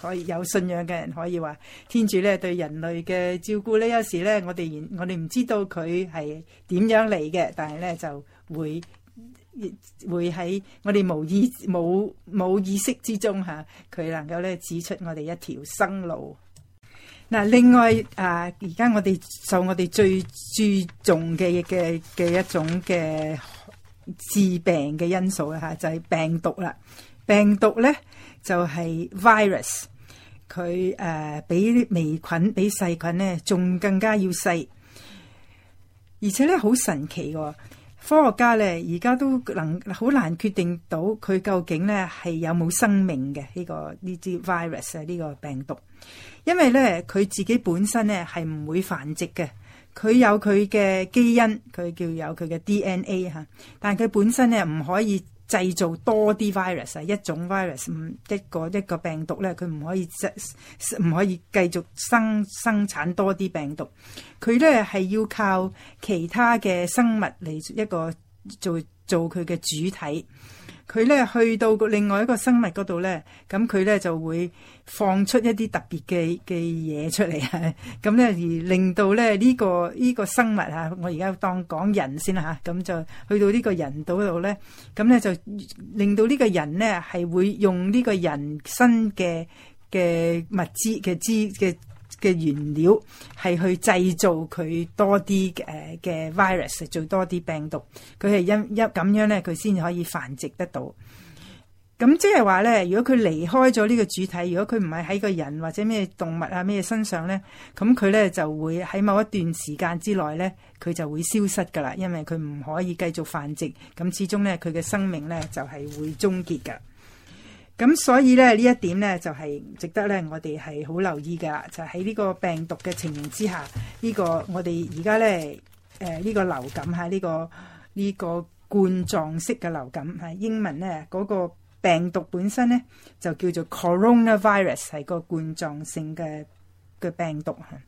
可以有信仰嘅人可以話，天主咧對人類嘅照顧咧，有時咧我哋我哋唔知道佢係點樣嚟嘅，但係咧就會會喺我哋無意冇冇意識之中吓，佢能夠咧指出我哋一條生路。嗱，另外啊，而家我哋受我哋最注重嘅嘅嘅一種嘅致病嘅因素啊，就係病毒啦。病毒咧。就係、是、virus，佢誒、呃、比微菌、比細菌咧，仲更加要細。而且咧好神奇喎、哦，科學家咧而家都能好難決定到佢究竟咧係有冇生命嘅呢、這個呢啲、這個、virus 啊呢個病毒，因為咧佢自己本身咧係唔會繁殖嘅，佢有佢嘅基因，佢叫有佢嘅 DNA 吓，但係佢本身咧唔可以。製造多啲 virus 係一種 virus，唔一個一個病毒咧，佢唔可以唔可以繼續生生產多啲病毒，佢咧係要靠其他嘅生物嚟一個做做佢嘅主體。佢咧去到另外一個生物嗰度咧，咁佢咧就會放出一啲特別嘅嘅嘢出嚟啊！咁咧而令到咧呢個呢個生物啊，我而家當講人先啦，咁就去到呢個人度度咧，咁咧就令到呢個人咧係會用呢個人身嘅嘅物資嘅資嘅，嘅原料係去製造佢多啲誒嘅 virus，做多啲病毒，佢係因一咁樣咧，佢先可以繁殖得到。咁即係話咧，如果佢離開咗呢個主體，如果佢唔係喺個人或者咩動物啊咩身上咧，咁佢咧就會喺某一段時間之內咧，佢就會消失㗎啦，因為佢唔可以繼續繁殖。咁始終咧，佢嘅生命咧就係、是、會終結㗎。咁所以咧呢一點咧就係、是、值得咧我哋係好留意噶，就喺、是、呢個病毒嘅情形之下，呢、呢個我哋而家咧呢、呃呢個流感呢、呢個呢、呢個冠狀式嘅流感，係英文咧嗰、嗰個病毒本身咧就叫做 coronavirus，係個冠狀性嘅嘅病毒吓，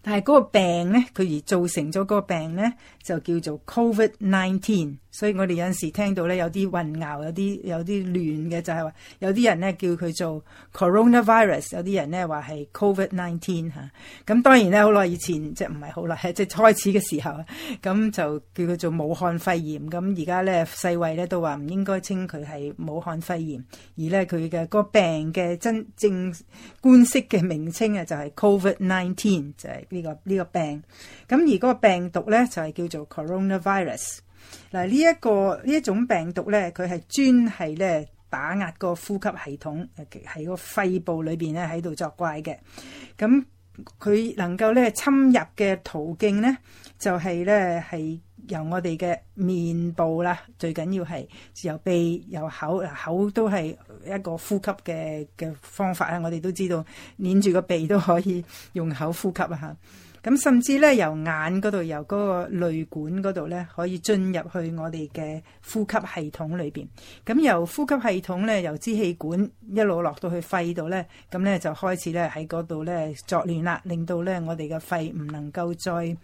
但係嗰個病咧佢而造成咗嗰個病咧就叫做 covid nineteen。所以我哋有時聽到咧有啲混淆，有啲有啲亂嘅，就係話有啲人咧叫佢做 coronavirus，有啲人咧話係 covid nineteen 吓。咁當然咧，好耐以前即唔係好耐，即係開始嘅時候，咁就叫佢做武漢肺炎。咁而家咧世衛咧都話唔應該稱佢係武漢肺炎，而咧佢嘅個病嘅真正官式嘅名稱啊、這個，就係 covid nineteen，就係呢個呢個病。咁而嗰個病毒咧就係叫做 coronavirus。嗱、這個，呢一個呢一種病毒咧，佢係專係咧打壓個呼吸系統，喺個肺部裏邊咧喺度作怪嘅。咁佢能夠咧侵入嘅途徑咧，就係咧係由我哋嘅面部啦，最緊要係由鼻由口，口都係一個呼吸嘅嘅方法啦。我哋都知道，捏住個鼻都可以用口呼吸啊吓。咁甚至咧，由眼嗰度，由嗰個淚管嗰度咧，可以進入去我哋嘅呼吸系統裏面。咁由呼吸系統咧，由支氣管一路落到去肺度咧，咁咧就開始咧喺嗰度咧作亂啦，令到咧我哋嘅肺唔能夠再。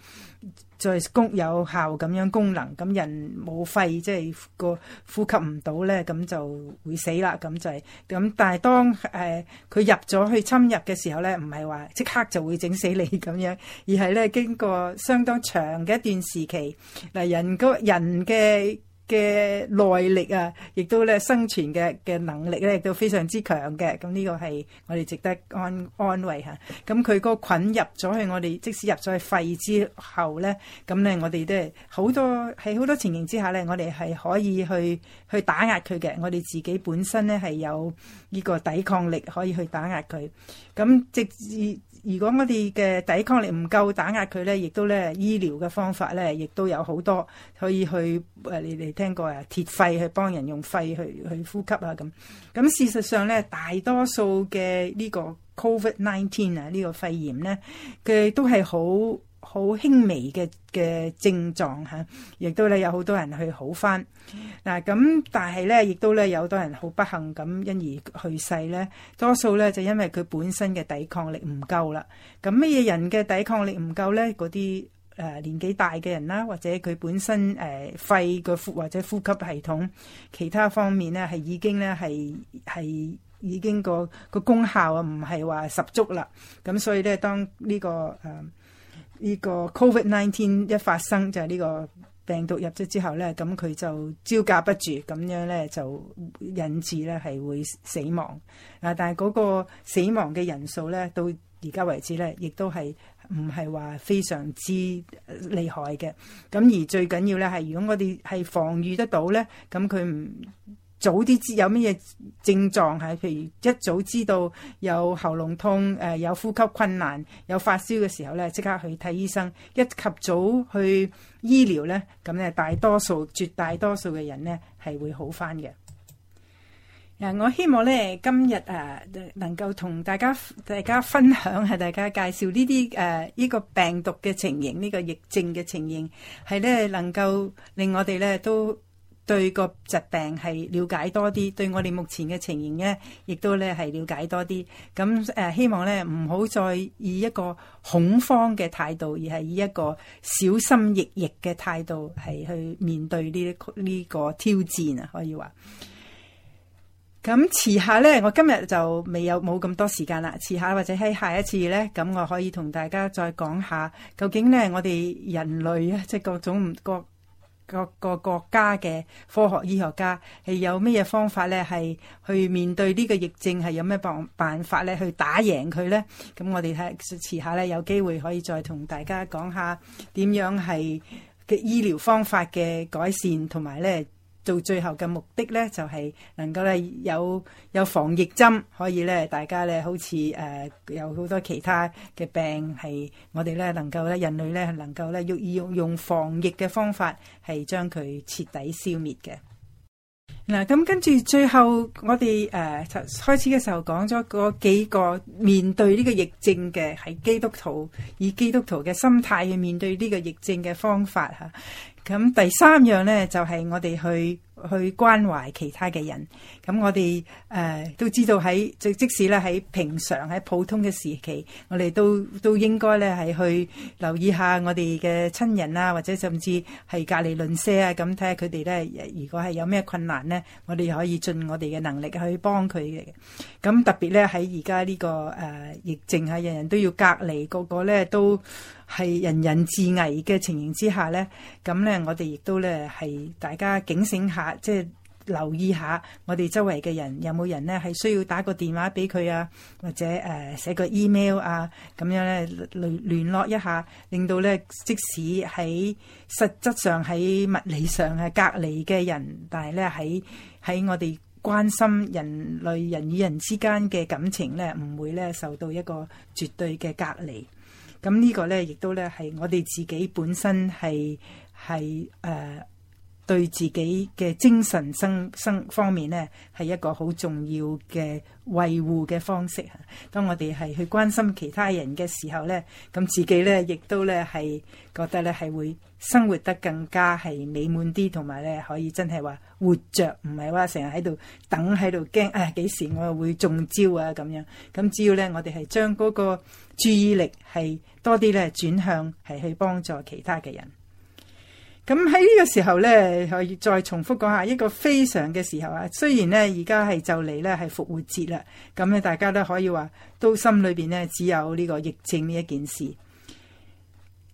再供有效咁樣功能，咁人冇肺，即係個呼吸唔到咧，咁就會死啦。咁就係咁，但係當誒佢入咗去侵入嘅時候咧，唔係話即刻就會整死你咁樣，而係咧經過相當長嘅一段時期，嗱人個人嘅。嘅耐力啊，亦都咧生存嘅嘅能力咧都非常之強嘅。咁呢個係我哋值得安安慰吓啊。咁佢個菌入咗去我哋，即使入咗去肺之後咧，咁咧我哋都係好多喺好多情形之下咧，我哋係可以去去打壓佢嘅。我哋自己本身咧係有呢個抵抗力可以去打壓佢。咁直至。如果我哋嘅抵抗力唔夠打壓佢咧，亦都咧醫療嘅方法咧，亦都有好多可以去，你哋聽過呀，鐵肺去幫人用肺去去呼吸啊咁。咁事實上咧，大多數嘅呢個 COVID Nineteen 啊，呢個肺炎咧，佢都係好好輕微嘅嘅症狀吓，亦都咧有好多人去好返。嗱咁，但係咧，亦都咧有很多人好不幸咁因而去世咧。多數咧就因為佢本身嘅抵抗力唔夠啦。咁乜嘢人嘅抵抗力唔夠咧？嗰啲誒年紀大嘅人啦，或者佢本身誒、呃、肺個呼或者呼吸系統其他方面咧係已經咧係係已經個個功效唔係話十足啦。咁所以咧，當呢、這個誒呢、呃這個 Covid Nineteen 一發生就係、是、呢、這個。病毒入咗之後咧，咁佢就招架不住，咁樣咧就引致咧係會死亡。啊！但係嗰個死亡嘅人數咧，到而家為止咧，亦都係唔係話非常之厲害嘅。咁而最緊要咧係，如果我哋係防禦得到咧，咁佢唔。早啲知有乜嘢症狀係，譬如一早知道有喉嚨痛、誒，有呼吸困難、有發燒嘅時候咧，即刻去睇醫生，一及早去醫療咧，咁咧大多數、絕大多數嘅人咧係會好翻嘅。誒，我希望咧今日，誒能夠同大家大家分享，係大家介紹呢啲誒呢個病毒嘅情形，呢個疫症嘅情形，係咧能夠令我哋咧都。對個疾病係了解多啲，對我哋目前嘅情形呢，亦都咧係了解多啲。咁、呃、希望咧唔好再以一個恐慌嘅態度，而係以一個小心翼翼嘅態度係去面對呢呢個挑戰啊！可以話。咁遲下咧，我今日就未有冇咁多時間啦。遲下或者喺下一次咧，咁我可以同大家再講下，究竟咧我哋人類啊，即係各種唔覺。各個國家嘅科學醫學家係有咩方法咧？係去面對呢個疫症，係有咩辦辦法咧？去打贏佢咧？咁我哋睇遲下咧，有機會可以再同大家講下點樣係嘅醫療方法嘅改善，同埋咧。做最後嘅目的咧，就係能夠咧有有，防疫針可以咧大家咧好似誒有好多其他嘅病係我哋咧能夠咧人類咧能夠咧用用用防疫嘅方法係將佢徹底消滅嘅。嗱，咁跟住最後我哋誒開始嘅時候講咗嗰幾個面對呢個疫症嘅係基督徒，以基督徒嘅心態去面對呢個疫症嘅方法嚇。咁第三樣咧，就係、是、我哋去去關懷其他嘅人。咁我哋誒、呃、都知道喺，即即使咧喺平常喺普通嘅時期，我哋都都應該咧係去留意下我哋嘅親人啊，或者甚至係隔離鄰舍啊，咁睇下佢哋咧，如果係有咩困難咧，我哋可以盡我哋嘅能力去幫佢嘅。咁特別咧喺而家呢在在、這個誒、呃、疫症係人人都要隔離，個個咧都，係人人自危嘅情形之下呢，咁呢，我哋亦都呢，係大家警醒下，即係留意下我哋周圍嘅人有冇人呢，係需要打個電話俾佢啊，或者誒寫個 email 啊，咁樣呢，聯聯絡一下，令到呢，即使喺實質上喺物理上係隔離嘅人，但係呢，喺喺我哋關心人類人與人之間嘅感情呢，唔會呢受到一個絕對嘅隔離。咁呢個呢，亦都呢係我哋自己本身係係誒，對自己嘅精神生生方面呢，係一個好重要嘅維護嘅方式。當我哋係去關心其他人嘅時候呢，咁自己呢，亦都呢係覺得呢係會。生活得更加係美滿啲，同埋咧可以真係話活着唔係話成日喺度等喺度驚，唉幾時我又會中招啊咁樣。咁只要咧，我哋係將嗰個注意力係多啲咧轉向係去幫助其他嘅人。咁喺呢個時候咧，可以再重複講下一個非常嘅時候啊。雖然咧而家係就嚟咧係復活節啦，咁咧大家都可以話都心裏邊咧只有呢個疫情呢一件事。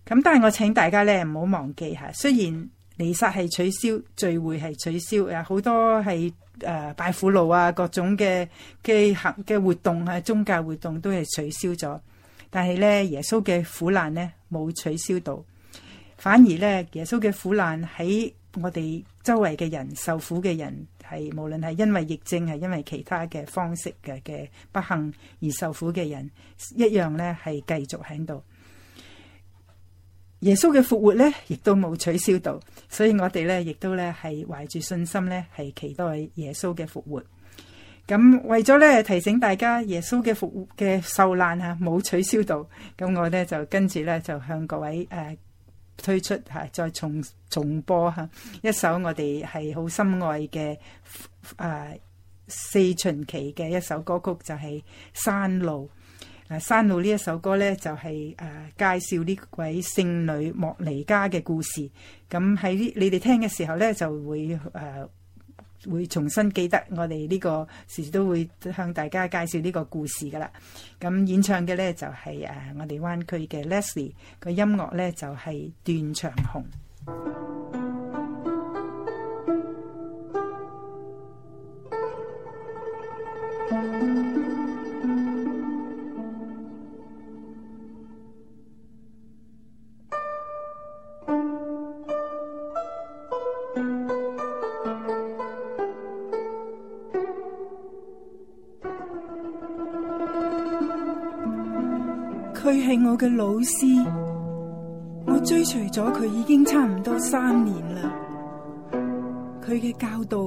咁但係我請大家咧唔好忘記吓，雖然彌撒係取消，聚會係取消，有好多係誒拜苦路啊，各種嘅嘅行嘅活動啊，宗教活動都係取消咗。但係咧耶穌嘅苦難咧冇取消到，反而咧耶穌嘅苦難喺我哋周圍嘅人受苦嘅人，係無論係因為疫症，係因為其他嘅方式嘅嘅不幸而受苦嘅人，一樣咧係繼續喺度。耶穌嘅復活咧，亦都冇取消到，所以我哋咧，亦都咧係懷住信心咧，係期待耶穌嘅復活。咁為咗咧提醒大家，耶穌嘅復活嘅受難吓、啊、冇取消到，咁我咧就跟住咧就向各位誒、啊、推出吓、啊，再重重播吓、啊、一首我哋係好心愛嘅誒、啊、四旬期嘅一首歌曲，就是，就係山路。啊、山路呢一首歌呢，就係、是、誒、啊、介紹呢位聖女莫尼加嘅故事。咁喺你哋聽嘅時候呢，就會誒、啊、會重新記得我哋呢個時時都會向大家介紹呢個故事㗎喇。咁演唱嘅呢，就係、是、誒、啊、我哋灣區嘅 Leslie，個音樂呢，就係、是、段長紅。 (music) 佢係我嘅老師，我追隨咗佢已經差唔多三年啦。佢嘅教導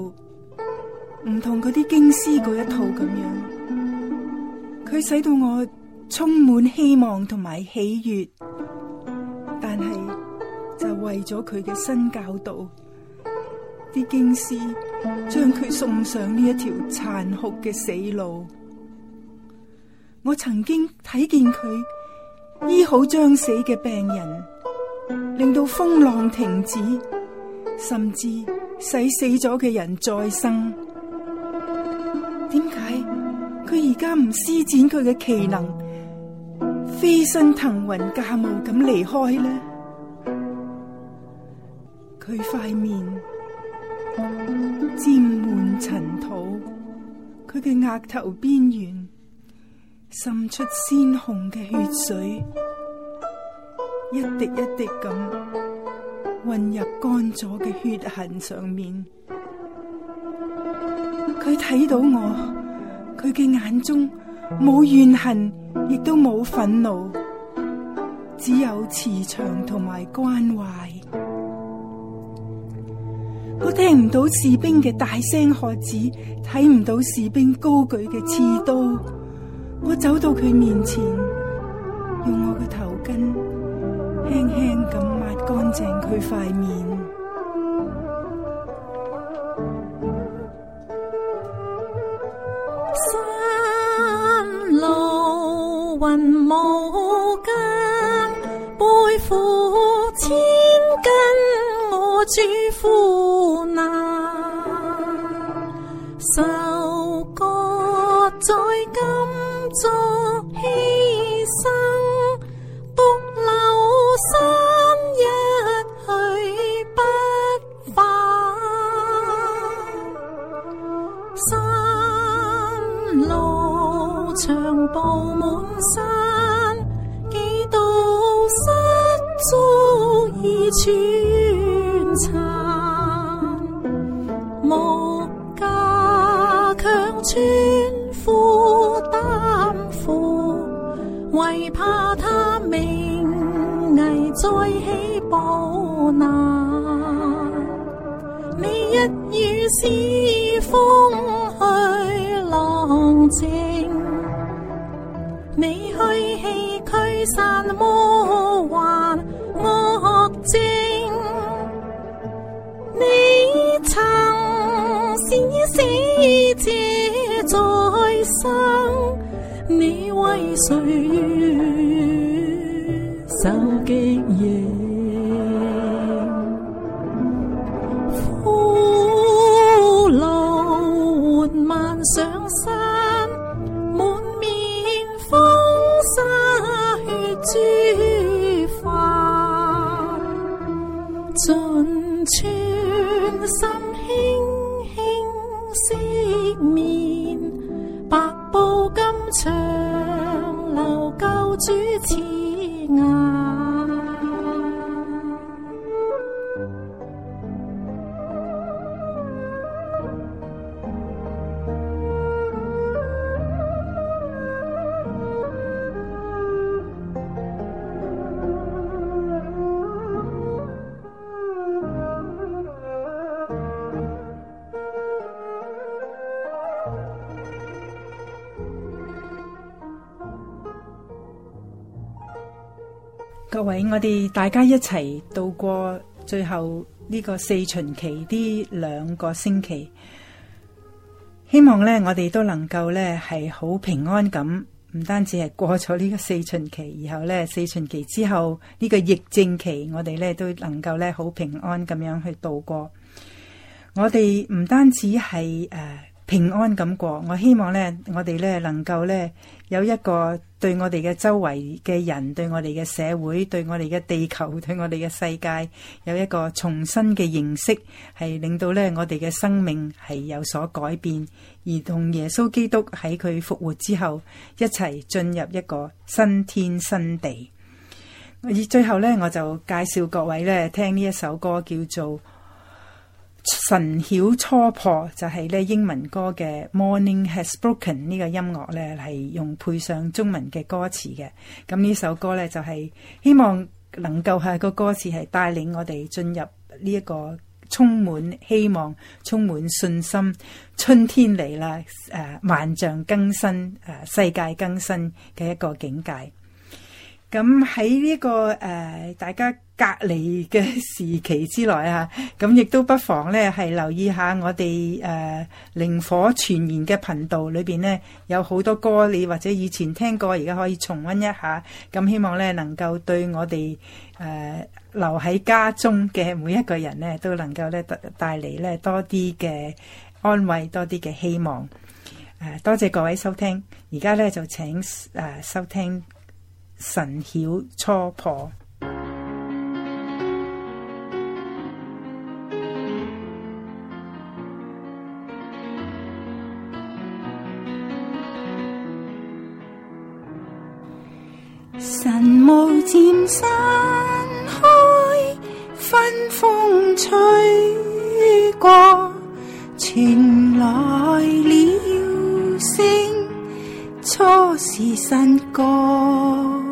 唔同嗰啲經師嗰一套咁樣，佢使到我充滿希望同埋喜悅，但係就為咗佢嘅新教導，啲經師將佢送上呢一條殘酷嘅死路。我曾經睇見佢。醫好將死嘅病人，令到風浪停止，甚至使死咗嘅人再生。點解佢而家唔施展佢嘅奇能，飛身騰雲駕霧咁離開呢？佢塊面沾滿塵土，佢嘅額頭邊緣，滲出鮮紅嘅血水，一滴一滴咁混入乾咗嘅血痕上面。佢睇到我，佢嘅眼中冇怨恨，亦都冇憤怒，只有慈祥同埋關懷。我聽唔到士兵嘅大聲喝止，睇唔到士兵高舉嘅刺刀。我走到佢面前，用我嘅頭巾輕輕咁抹乾淨佢塊面。山路雲霧間，背負千斤我主夫。長留舊主，慈顏。喺我哋大家一齊度過最後呢個四旬期啲兩個星期，希望咧我哋都能夠咧係好平安咁，唔單止係過咗呢個四旬期，然後咧四旬期之後呢、呢個疫症期，我哋咧都能夠咧好平安咁樣去度過。我哋唔單止係誒、呃、平安咁過，我希望咧我哋咧能夠咧有一個。對我哋嘅周圍嘅人，對我哋嘅社會，對我哋嘅地球，對我哋嘅世界，有一個重新嘅認識，係令到咧我哋嘅生命係有所改變，而同耶穌基督喺佢復活之後一齊進入一個新天新地。以最後咧，我就介紹各位咧聽呢一首歌，叫做。神曉初破就係、是、咧英文歌嘅 Morning Has Broken 呢、這個音樂咧係用配上中文嘅歌詞嘅，咁呢首歌咧就係、是、希望能夠係個歌詞係帶領我哋進入呢一個充滿希望、充滿信心、春天嚟啦誒，萬象更新誒，世界更新嘅一個境界。咁喺呢個誒、呃、大家隔離嘅時期之內啊，咁亦都不妨呢係留意下我哋誒、呃、靈火傳言嘅頻道裏面呢，有好多歌你或者以前聽過，而家可以重溫一下。咁、啊、希望呢能夠對我哋誒、呃、留喺家中嘅每一個人呢，都能夠呢帶嚟呢多啲嘅安慰，多啲嘅希望。誒、啊，多謝各位收聽。而家呢就請、啊、收聽。神曉初破，晨霧漸散開，春風吹過，傳來了聲，初時新歌。